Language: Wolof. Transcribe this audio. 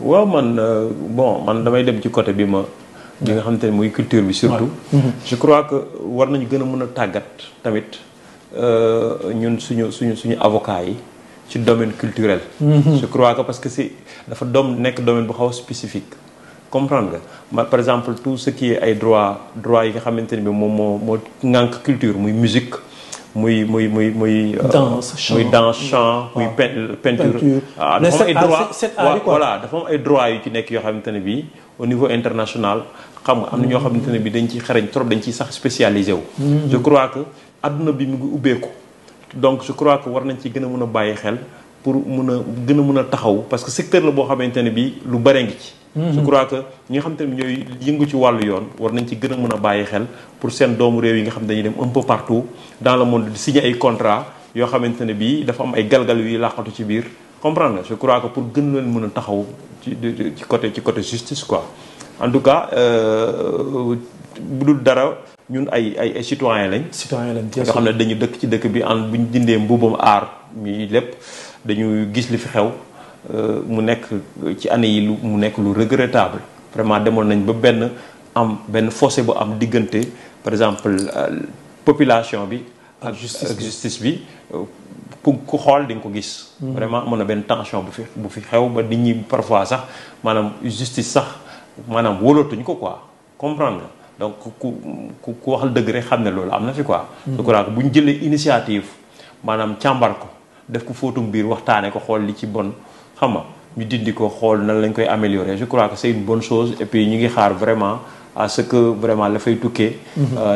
waaw man euh, bon man damay dem ci côté bi ma bi nga xamante ne muy culture bi surtout mm-hmm. je crois que war nañu gën a mën a tàggat tamit euh, ñun suñu suñu suñu avocat yi ci domaine culturel mm-hmm. je crois que parce que si dafa doom nekk domaine bu xaw a spécifique comprendre nga ma par exemple tout ce qui ay droit droit yi nga xamante ne bi moom moo moo ŋànk culture muy musique muy muy muy muy. Euh, danse chant muy danse chant. muy peinture waaw ah, ah dafa am ay droit ay droit yu ci nekk yoo xamante ne bii au niveau international. xam nga am na ñoo xamante ne bii dañ ciy xarañ trop dañ ciy sax spécialisé wu. Mm-hmm. je crois que àdduna bi mu ngi ubbeeku. donc je crois que war nañ ci gën a mën a bàyyi xel pour mun a gën a mun a taxaw parce que secteur la boo xamante ne bii lu bare ngi ci. Mm-hmm. je crois que ñi xam te ne ñooy yëngu ci wàllu yoon war nañ ci gën a mën a bàyyi xel pour seen doomu réew yi nga xam dañuy dem un peu partout dans le monde di signer ay yoo xamante ne bii dafa am ay galgal yuy ci biir comprendre je crois que pour gën leen mën a taxaw ci ci côté ci côté justice quoi en tout cas euh, bu dul dara ñun ay ay ay citoyen lañ. citoyen lañ nga xam ne dañu dëkk ci dëkk bi en bu ñu dindee mbuubam aar mi lépp dañu gis li fi xew. Euh, mu nekk ci année yi lu mu nekk lu regrettable vraiment demoon nañ ba benn am benn fossé bu am diggante par exemple euh, population bi ak justice bi euh, ku ku xool di nga ko gis mm-hmm. vraiment amoon na benn tension bu fi bu fi xew ba nit ñi parfois sax maanaam justice sax maanaam wóolootuñ ko quoi comprendre nga donc ku ku ku waxal dëgg rek xam ne loolu am na fi quoi mm-hmm. je crois que bu ñu jëlee initiative maanaam càmbar ko def ko fóotum biir waxtaanee ko xool li ci bon xam nga ñu dindi ko xool nan lañ koy améliorer je crois que c'est une bonne chose et puis ñu ngi xaar vraiment à ce que vraiment la fay tukkee